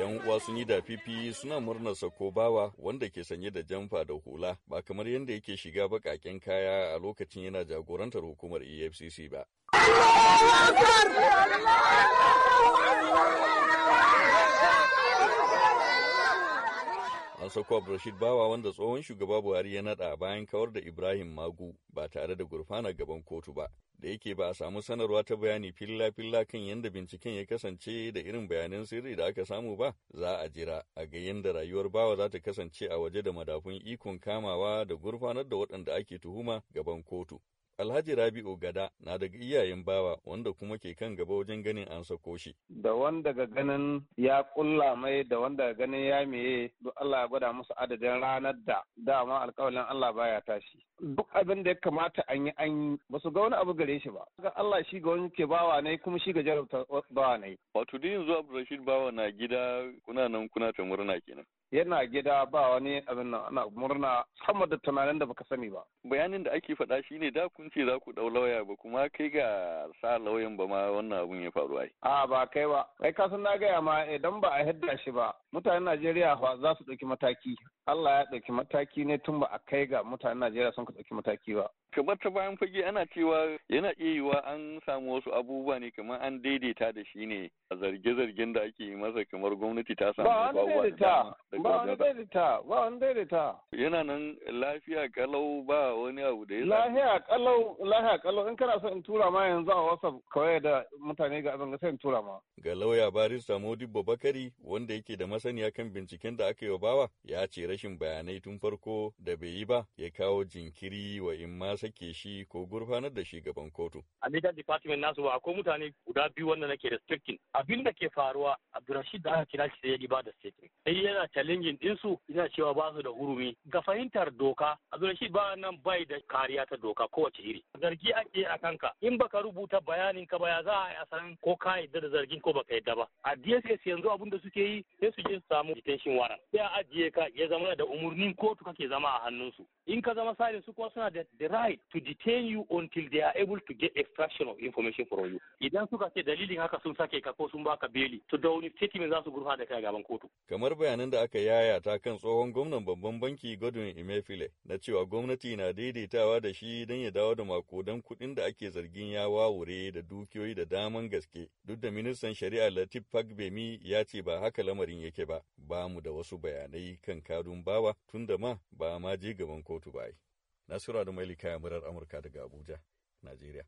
'Yan uwa sun yi dafifi suna murnar sako bawa wanda ke sanye da jamfa da hula ba kamar yadda yake shiga baƙaƙen kaya a lokacin yana jagorantar hukumar EFCC ba. An sako Rashid Bawa wanda tsohon shugaba Buhari ya naɗa bayan kawar da Ibrahim Magu ba tare da gurfana gaban kotu ba. Da yake ba a samu sanarwa ta bayani filla-filla kan yadda binciken ya kasance da irin bayanan sirri da aka samu ba, za a jira a ga yadda rayuwar bawa za ta kasance a waje da madafun ikon kamawa da gurfanar da waɗanda ake tuhuma gaban kotu. Alhaji Rabi'u Gada na daga iyayen bawa wanda kuma ke kan gaba wajen ganin an sako shi. Da wanda ga ganin ya kulla mai da wanda ga ganin ya meye duk Allah ya gwada musu adadin ranar da dama alkawalin Allah baya tashi. Duk abin da ya kamata an yi an yi ba su ga wani abu gare shi ba. Ga Allah shi ga wani ke bawa ne kuma shi ga jarabta bawa ne. Wato dai yanzu Rashid bawa na gida kuna nan kuna ta murna kenan. yana gida ba wani abin nan ana murna sama da tunanin da baka sani ba. Bayanin da ake faɗa shine da kun ce za ku ɗau lauya ba kuma kai ga sa lauyan ba ma wannan abun ya faru ai. A ba kai ba, kai ka san na gaya ma idan ba a hadda shi ba mutanen Najeriya za su ɗauki mataki. Allah ya ɗauki mataki ne tun ba a kai ga mutanen Najeriya sun ka ɗauki mataki ba. kamar ta bayan fage ana cewa yana iya yiwuwa an samu wasu abubuwa ne kamar an daidaita da shi ne a zarge-zargen da ake yi masa kamar gwamnati ta samu ba wani daidaita ba wani daidaita ba wani daidaita yana nan lafiya kalau ba wani abu da ya lafiya kalau lafiya kalau in kana son in tura ma yanzu a wasa kawai da mutane ga abin sai in tura ma ga lauya barista Modibo babakari wanda yake da masaniya kan binciken da aka yi wa bawa ya ce rashin bayanai tun farko da bai yi ba ya kawo jinkiri wa in sake shi ko gurfanar da shi gaban kotu. A legal department nasu ba akwai mutane guda biyu wanda nake restricting. Abin da ke faruwa Abdulrashid da aka kira shi sai ya ba da statement. Sai yana challenging su yana cewa ba su da hurumi. Ga fahimtar doka Abdulrashid ba nan bai da kariya ta doka kowace iri. Zargi ake a kanka in baka rubuta bayanin ka ba ya za a san ko ka yadda da zargin ko baka yadda ba. A DSS yanzu abin da suke yi sai su je su samu detention warrant. Sai a ajiye ka ya zama da umurnin kotu kake zama a hannunsu. In ka zama sare su kuma suna da right right to detain you until they are able to get extraction of information from you idan suka ce dalilin haka sun sake ka ko sun baka beli to da wani statement za su gurfa da kai gaban kotu kamar bayanan da aka yaya ta kan tsohon gwamnan babban banki Godwin Emefiele na cewa gwamnati na daidaitawa da shi don ya dawo da makudan kuɗin da ake zargin ya wawure da dukiyoyi da daman gaske duk da ministan shari'a Latif Fagbemi ya ce ba haka lamarin yake ba ba mu da wasu bayanai kan kadun bawa tun da ma ba ma je gaban kotu ba Nasiru Adamu Elika ya murar Amurka daga Abuja, Najeriya.